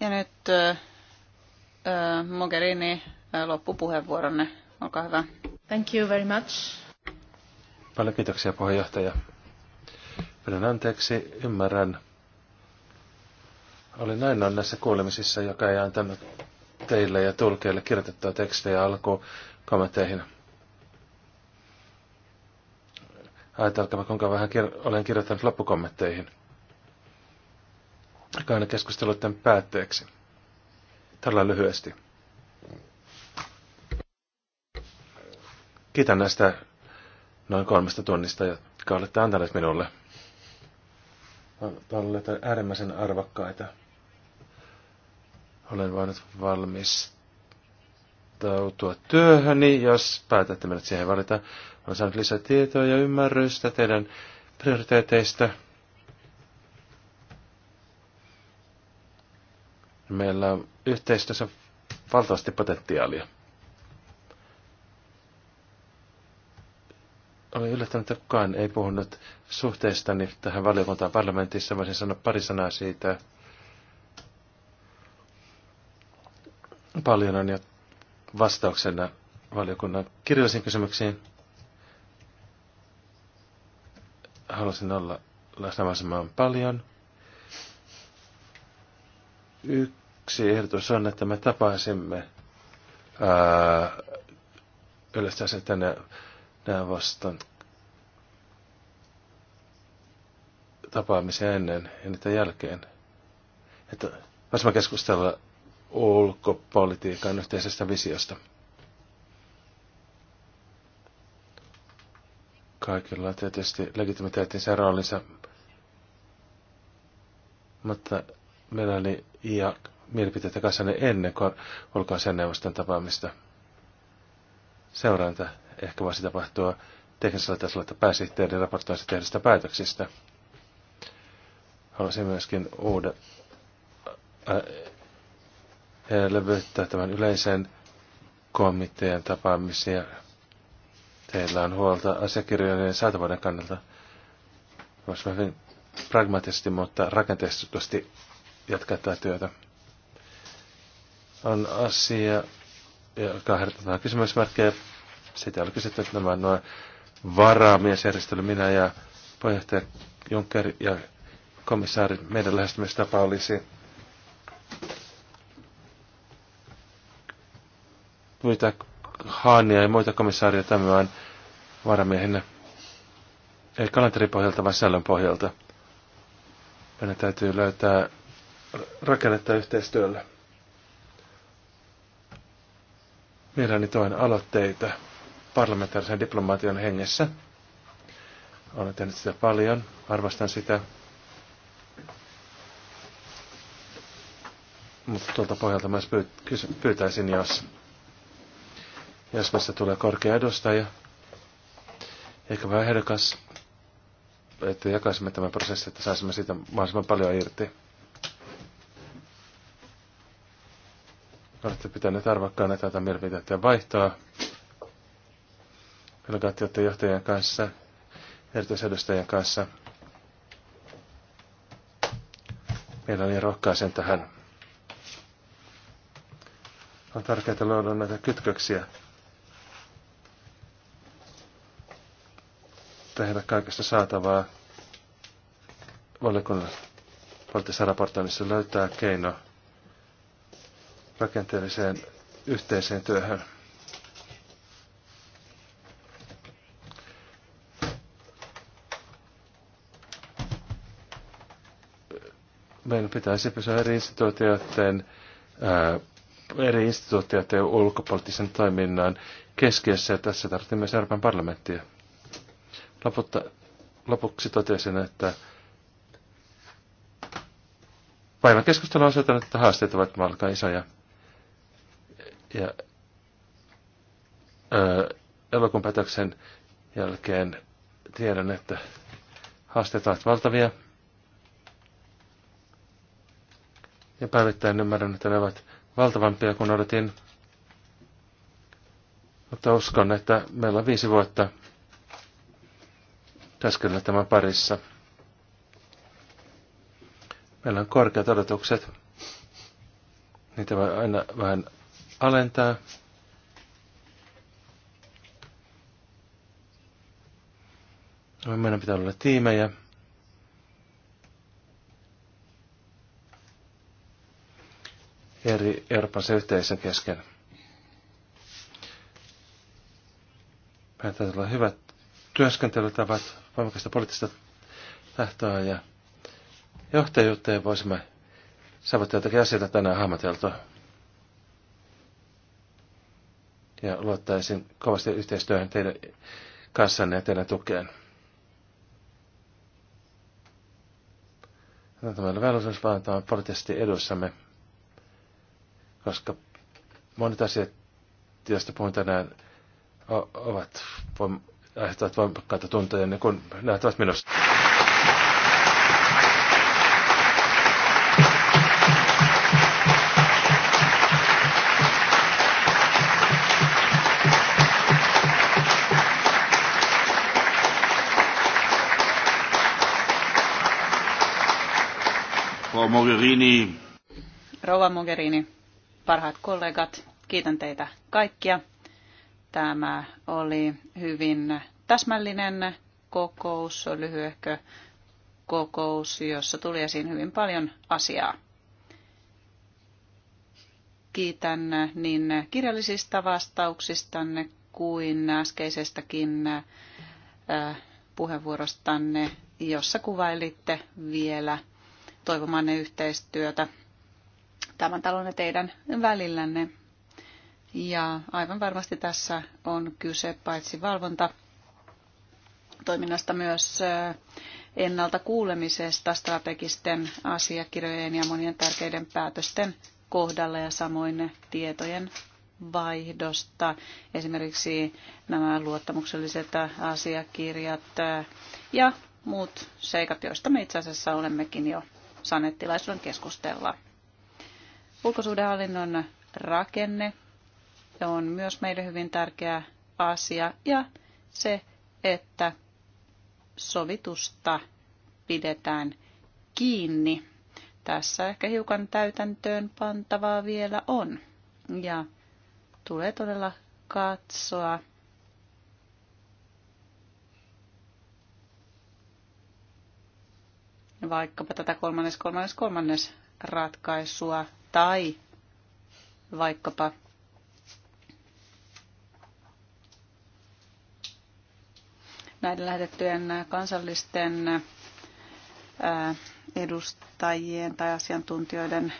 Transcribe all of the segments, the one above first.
Ja nyt Mogherini, loppupuheenvuoronne. Olkaa hyvä. Thank you very much. Paljon kiitoksia puheenjohtaja. Pyydän anteeksi, ymmärrän. oli näin on näissä kuulemisissa, joka ei antanut teille ja tulkeille kirjoitettua tekstejä alkuun kommentteihin. Ajatelkaa, kuinka vähän kir- olen kirjoittanut loppukommentteihin käynyt tämän päätteeksi. Tällä lyhyesti. Kiitän näistä noin kolmesta tunnista, jotka olette antaneet minulle. Olette äärimmäisen arvokkaita. Olen valmis tautua työhöni, jos päätätte mennä siihen valita. Olen saanut lisää tietoa ja ymmärrystä teidän prioriteeteista. Meillä on yhteistyössä valtavasti potentiaalia. Olen yllättänyt, että kukaan ei puhunut suhteestani tähän valiokuntaan parlamentissa. Voisin sanoa pari sanaa siitä. Paljon on jo vastauksena valiokunnan kirjallisiin kysymyksiin. Haluaisin olla läsnä paljon. Yksi Yksi ehdotus on, että me tapaisimme yleensä sitten neuvoston tapaamisia ennen ja niitä jälkeen. Että voisimme keskustella ulkopolitiikan yhteisestä visiosta. Kaikilla on tietysti legitimiteettinsä roolinsa, mutta meillä oli ja mielipiteitä kanssanne ennen kuin olkaa sen neuvoston tapaamista. Seuranta ehkä voisi tapahtua teknisellä tasolla, että pääsihteeri raportoisi tehdystä päätöksistä. Haluaisin myöskin uuden äh, äh levyyttää tämän yleisen komitean tapaamisia. Teillä on huolta asiakirjojen saatavuuden kannalta. Voisi hyvin pragmaattisesti, mutta rakenteellisesti jatkaa tätä työtä on asia, joka herättää kysymysmerkkejä. Siitä oli kysytty, että nämä nuo varaamiesjärjestely, minä ja puheenjohtaja Juncker ja komissaari, meidän lähestymistapa olisi muita Haania ja muita komissaaria tämän varamiehen Ei kalenteripohjalta, vaan sällön pohjalta. Meidän täytyy löytää rakennetta yhteistyöllä. Mielelläni toin aloitteita parlamentaarisen diplomaation hengessä. Olen tehnyt sitä paljon, arvostan sitä. Mutta tuolta pohjalta myös pyytäisin, jos, jos meistä tulee korkea edustaja, ehkä vähän ehdokas, että jakaisimme tämän prosessin, että saisimme siitä mahdollisimman paljon irti. Olette pitäneet arvokkaana tätä mielipiteitä vaihtoa delegaatioiden johtajien kanssa, erityisedustajien kanssa. Meillä oli niin rohkaisen tähän. On tärkeää luoda näitä kytköksiä. Tehdä kaikesta saatavaa valiokunnan poliittisessa raportoinnissa löytää keino rakenteelliseen yhteiseen työhön. Meidän pitäisi pysyä eri instituutioiden, ää, eri instituutioiden ulkopoliittisen toiminnan keskiössä ja tässä tarvittiin myös Euroopan parlamenttia. Lopulta, lopuksi totesin, että päivän keskustelu on osoittanut, että haasteet ovat malkaa isoja. Ja ää, elokuun päätöksen jälkeen tiedän, että haasteet ovat valtavia. Ja päivittäin ymmärrän, että ne ovat valtavampia kuin odotin. Mutta uskon, että meillä on viisi vuotta täskellä tämän parissa. Meillä on korkeat odotukset. Niitä voi aina vähän alentaa. Meidän pitää olla tiimejä. eri Euroopan yhteisön kesken. Meidän täytyy olla hyvät työskentelytavat, voimakasta poliittista tahtoa ja johtajuutta ja voisimme saavuttaa jotakin asioita tänään hahmoteltua. ja luottaisin kovasti yhteistyöhön teidän kanssanne ja teidän tukeen. tämä on velvollisuus, vaan tämä protesti edussamme, koska monet asiat, joista puhun tänään, ovat, aiheuttavat voimakkaita tuntoja, niin kun näyttävät minusta. Mogherini. Rouva Mogherini, parhaat kollegat, kiitän teitä kaikkia. Tämä oli hyvin täsmällinen kokous, lyhyehkö kokous, jossa tuli esiin hyvin paljon asiaa. Kiitän niin kirjallisista vastauksistanne kuin äskeisestäkin äh, puheenvuorostanne, jossa kuvailitte vielä toivomanne yhteistyötä tämän talon ja teidän välillänne. Ja aivan varmasti tässä on kyse paitsi valvonta toiminnasta myös äh, ennalta kuulemisesta strategisten asiakirjojen ja monien tärkeiden päätösten kohdalla ja samoin tietojen vaihdosta. Esimerkiksi nämä luottamukselliset asiakirjat äh, ja muut seikat, joista me itse asiassa olemmekin jo saaneet tilaisuuden keskustella. Ulkosuhdehallinnon rakenne on myös meille hyvin tärkeä asia ja se, että sovitusta pidetään kiinni. Tässä ehkä hiukan täytäntöön pantavaa vielä on ja tulee todella katsoa, vaikkapa tätä kolmannes, kolmannes, kolmannes ratkaisua tai vaikkapa näiden lähetettyjen kansallisten edustajien tai asiantuntijoiden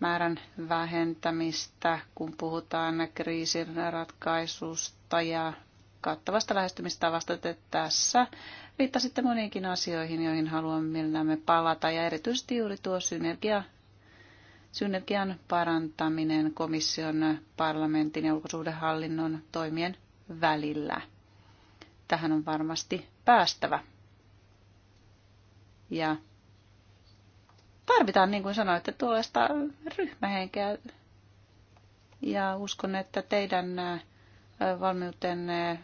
määrän vähentämistä, kun puhutaan kriisin ratkaisusta ja kattavasta lähestymistavasta, te tässä viittasitte moniinkin asioihin, joihin haluamme mielellämme palata, ja erityisesti juuri tuo synergia, synergian parantaminen komission, parlamentin ja ulkosuhdehallinnon toimien välillä. Tähän on varmasti päästävä. Ja tarvitaan, niin kuin sanoitte, tuollaista ryhmähenkeä. Ja uskon, että teidän valmiutenne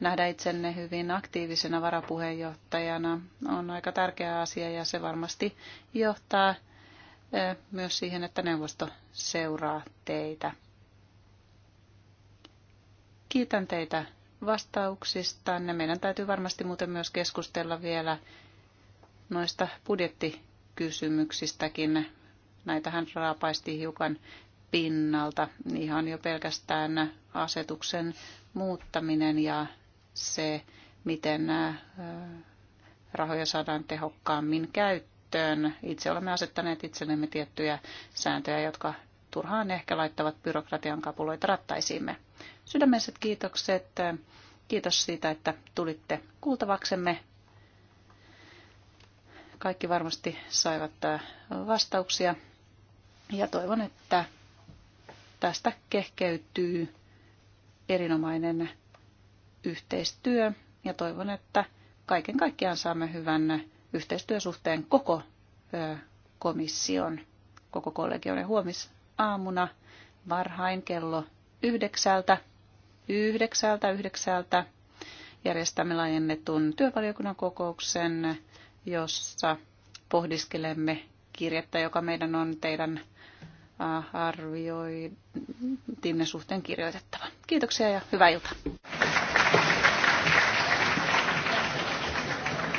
nähdä itsenne hyvin aktiivisena varapuheenjohtajana on aika tärkeä asia ja se varmasti johtaa myös siihen, että neuvosto seuraa teitä. Kiitän teitä ne Meidän täytyy varmasti muuten myös keskustella vielä noista budjettikysymyksistäkin. Näitähän raapaisti hiukan pinnalta ihan jo pelkästään asetuksen muuttaminen ja se, miten rahoja saadaan tehokkaammin käyttöön. Itse olemme asettaneet itsellemme tiettyjä sääntöjä, jotka turhaan ehkä laittavat byrokratian kapuloita rattaisiimme. Sydämelliset kiitokset. Kiitos siitä, että tulitte kuultavaksemme. Kaikki varmasti saivat vastauksia ja toivon, että tästä kehkeytyy erinomainen yhteistyö ja toivon, että kaiken kaikkiaan saamme hyvän yhteistyösuhteen koko komission, koko kollegioiden huomisaamuna varhain kello yhdeksältä, yhdeksältä, yhdeksältä järjestämme laajennetun työvaliokunnan kokouksen, jossa pohdiskelemme kirjettä, joka meidän on teidän arvioitinne suhteen kirjoitettava. Kiitoksia ja hyvää iltaa.